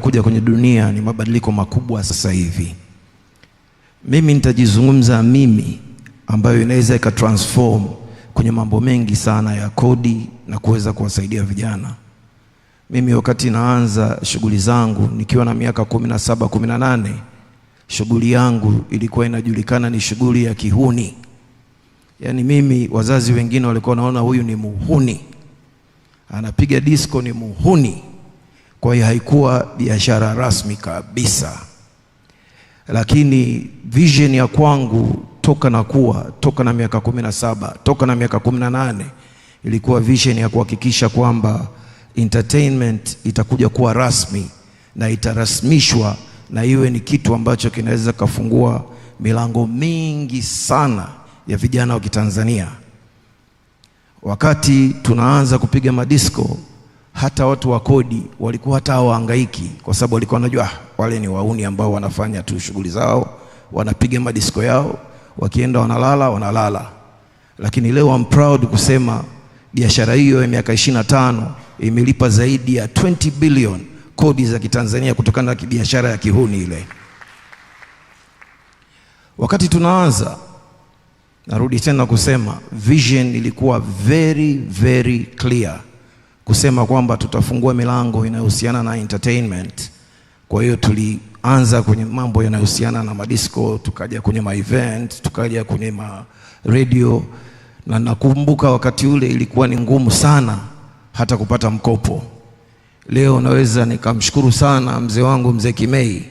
yanayokuja kwenye dunia ni mabadiliko makubwa sasa hivi. Mimi nitajizungumza mimi, ambayo inaweza ikatransform kwenye mambo mengi sana ya kodi na kuweza kuwasaidia vijana. Mimi wakati naanza shughuli zangu nikiwa na miaka kumi na saba kumi na nane shughuli yangu ilikuwa inajulikana ni shughuli ya kihuni. Yaani mimi, wazazi wengine walikuwa wanaona huyu ni muhuni, anapiga disco, ni muhuni kwa hiyo haikuwa biashara rasmi kabisa, lakini vision ya kwangu toka na kuwa toka na miaka kumi na saba toka na miaka kumi na nane ilikuwa vision ya kuhakikisha kwamba entertainment itakuja kuwa rasmi na itarasmishwa na iwe ni kitu ambacho kinaweza kafungua milango mingi sana ya vijana wa Kitanzania. Wakati tunaanza kupiga madisko hata watu wa kodi walikuwa hata hawahangaiki, kwa sababu walikuwa wanajua ah, wale ni wauni ambao wanafanya tu shughuli zao, wanapiga madisko yao, wakienda wanalala, wanalala. Lakini leo I'm proud kusema biashara hiyo ya miaka 25 imelipa zaidi ya 20 billion kodi za Kitanzania kutokana na biashara ya kihuni ile. Wakati tunaanza, narudi tena kusema vision ilikuwa very very clear kusema kwamba tutafungua milango inayohusiana na entertainment. Kwa hiyo tulianza kwenye mambo yanayohusiana na madisco, tukaja kwenye ma event, tukaja kwenye ma radio, na nakumbuka wakati ule ilikuwa ni ngumu sana hata kupata mkopo. Leo naweza nikamshukuru sana mzee wangu mzee Kimei,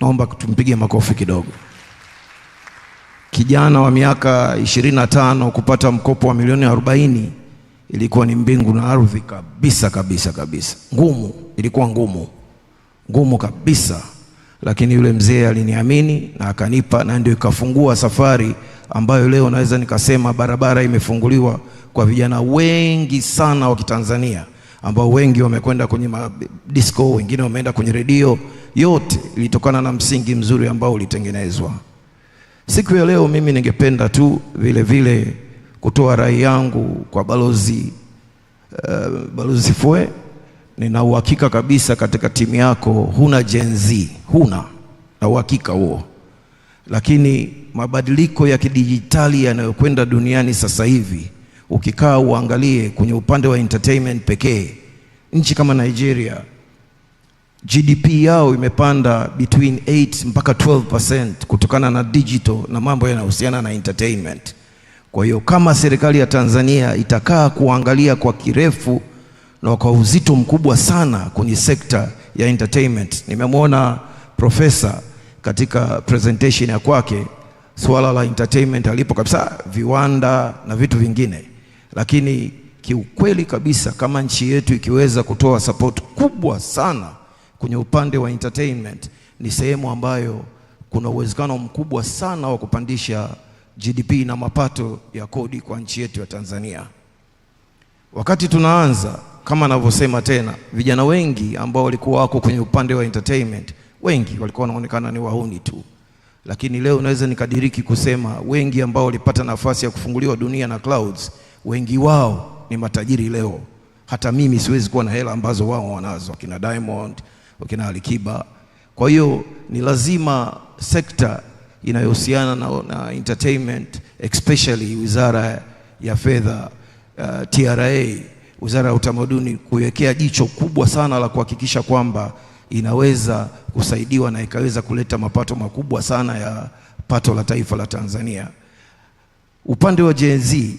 naomba tumpige makofi kidogo. Kijana wa miaka 25 kupata mkopo wa milioni arobaini ilikuwa ni mbingu na ardhi kabisa kabisa kabisa, ngumu, ilikuwa ngumu ngumu kabisa, lakini yule mzee aliniamini na akanipa, na ndio ikafungua safari ambayo leo naweza nikasema barabara imefunguliwa kwa vijana wengi sana wa Kitanzania ambao wengi wamekwenda kwenye disco, wengine wameenda kwenye redio. Yote ilitokana na msingi mzuri ambao ulitengenezwa. Siku ya leo mimi ningependa tu vile vile kutoa rai yangu kwa balozi uh, balozi Fue, nina uhakika kabisa katika timu yako huna Gen Z, huna na uhakika huo, lakini mabadiliko ya kidijitali yanayokwenda duniani sasa hivi, ukikaa uangalie kwenye upande wa entertainment pekee, nchi kama Nigeria GDP yao imepanda between 8 mpaka 12% kutokana na digital na mambo yanayohusiana na entertainment. Kwa hiyo kama serikali ya Tanzania itakaa kuangalia kwa kirefu na kwa uzito mkubwa sana kwenye sekta ya entertainment, nimemwona profesa katika presentation ya kwake, swala la entertainment alipo kabisa viwanda na vitu vingine, lakini kiukweli kabisa kama nchi yetu ikiweza kutoa support kubwa sana kwenye upande wa entertainment, ni sehemu ambayo kuna uwezekano mkubwa sana wa kupandisha GDP na mapato ya kodi kwa nchi yetu ya Tanzania. Wakati tunaanza kama anavyosema tena, vijana wengi ambao walikuwa wako kwenye upande wa entertainment, wengi walikuwa wanaonekana ni wahuni tu, lakini leo naweza nikadiriki kusema wengi ambao walipata nafasi ya kufunguliwa Dunia na Clouds, wengi wao ni matajiri leo. Hata mimi siwezi kuwa na hela ambazo wao wanazo, wakina Diamond, wakina Alikiba. Kwa hiyo ni lazima sekta inayohusiana na, na entertainment especially wizara ya fedha uh, TRA wizara ya utamaduni kuwekea jicho kubwa sana la kuhakikisha kwamba inaweza kusaidiwa na ikaweza kuleta mapato makubwa sana ya pato la taifa la Tanzania. Upande wa Gen Z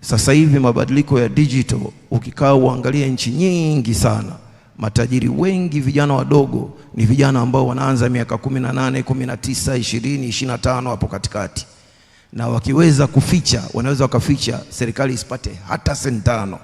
sasa hivi mabadiliko ya digital, ukikaa uangalie nchi nyingi sana Matajiri wengi vijana wadogo ni vijana ambao wanaanza miaka 18, 19, 20, 25 hapo katikati, na wakiweza kuficha wanaweza wakaficha serikali isipate hata senti tano.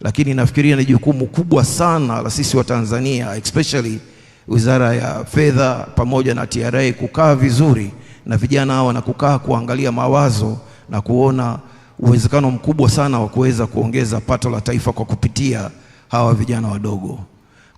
Lakini nafikiria ni jukumu kubwa sana la sisi wa Tanzania especially Wizara ya Fedha pamoja na TRA kukaa vizuri na vijana hawa na kukaa kuangalia mawazo na kuona uwezekano mkubwa sana wa kuweza kuongeza pato la taifa kwa kupitia hawa vijana wadogo.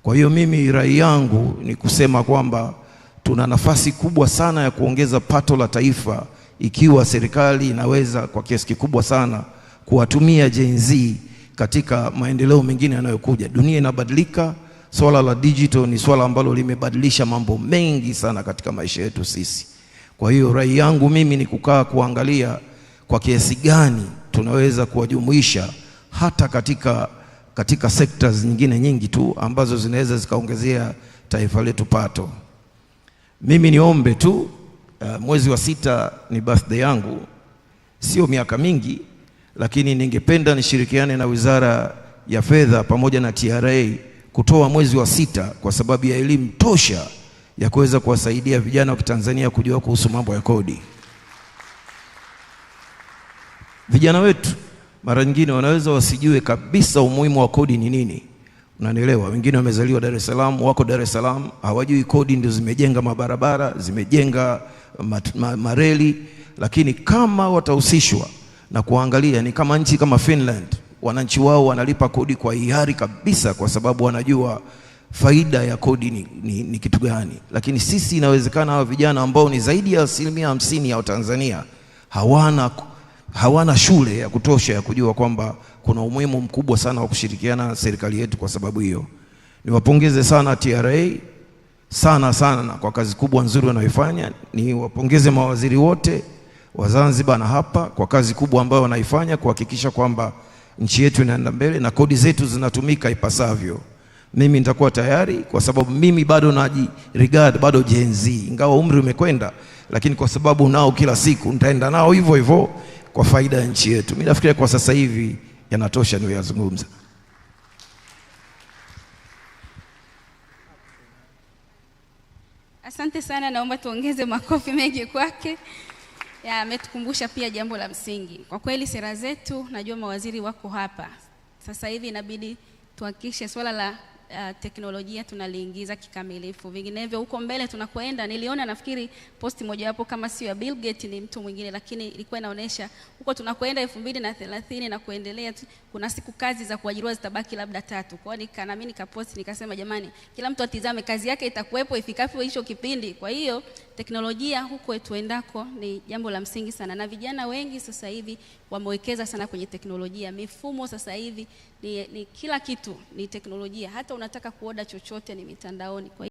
Kwa hiyo mimi rai yangu ni kusema kwamba tuna nafasi kubwa sana ya kuongeza pato la taifa ikiwa serikali inaweza kwa kiasi kikubwa sana kuwatumia Gen Z katika maendeleo mengine yanayokuja. Dunia inabadilika, swala la digital ni swala ambalo limebadilisha mambo mengi sana katika maisha yetu sisi. Kwa hiyo rai yangu mimi ni kukaa kuangalia kwa kiasi gani tunaweza kuwajumuisha hata katika katika sekta nyingine nyingi tu ambazo zinaweza zikaongezea taifa letu pato. Mimi niombe tu uh, mwezi wa sita ni birthday yangu, sio miaka mingi, lakini ningependa nishirikiane na Wizara ya Fedha pamoja na TRA kutoa mwezi wa sita kwa sababu ya elimu tosha ya kuweza kuwasaidia vijana wa Kitanzania kujua kuhusu mambo ya kodi. Vijana wetu mara nyingine wanaweza wasijue kabisa umuhimu wa kodi ni nini. Unanielewa? Wengine wamezaliwa Dar es Salaam, wako Dar es Salaam, hawajui kodi ndio zimejenga mabarabara, zimejenga mareli, lakini kama watahusishwa na kuangalia, ni kama nchi kama Finland, wananchi wao wanalipa kodi kwa hiari kabisa, kwa sababu wanajua faida ya kodi ni, ni, ni kitu gani. Lakini sisi inawezekana hawa vijana ambao ni zaidi ya asilimia hamsini ya Watanzania hawana hawana shule ya kutosha ya kujua kwamba kuna umuhimu mkubwa sana wa kushirikiana na serikali yetu. Kwa sababu hiyo, niwapongeze sana TRA sana sana kwa kazi kubwa nzuri wanayoifanya. Niwapongeze mawaziri wote wa Zanzibar na hapa kwa kazi kubwa ambayo wanaifanya kuhakikisha kwamba nchi yetu inaenda mbele na kodi zetu zinatumika ipasavyo. Mimi nitakuwa tayari, kwa sababu mimi bado naji regard bado jenzi, ingawa umri umekwenda, lakini kwa sababu nao kila siku nitaenda nao hivyo hivyo kwa faida ya nchi yetu. Mimi nafikiria kwa sasa hivi yanatosha niyoyazungumza. Asante sana, naomba tuongeze makofi mengi kwake. Ametukumbusha pia jambo la msingi. Kwa kweli sera zetu, najua mawaziri wako hapa sasa hivi, inabidi tuhakikishe swala la uh, teknolojia tunaliingiza kikamilifu, vinginevyo huko mbele tunakwenda. Niliona nafikiri posti mojawapo kama sio ya Bill Gates ni mtu mwingine, lakini ilikuwa inaonyesha huko tunakwenda elfu mbili na thelathini na kuendelea, kuna siku kazi za kuajiriwa zitabaki labda tatu. Kwa hiyo nami nikaposti nikasema, jamani, kila mtu atizame kazi yake itakuwepo ifikapo hicho kipindi. Kwa hiyo teknolojia huko tuendako ni jambo la msingi sana, na vijana wengi sasa hivi wamewekeza sana kwenye teknolojia. Mifumo sasa hivi ni, ni kila kitu ni teknolojia hata unataka kuoda chochote ni mitandaoni kwa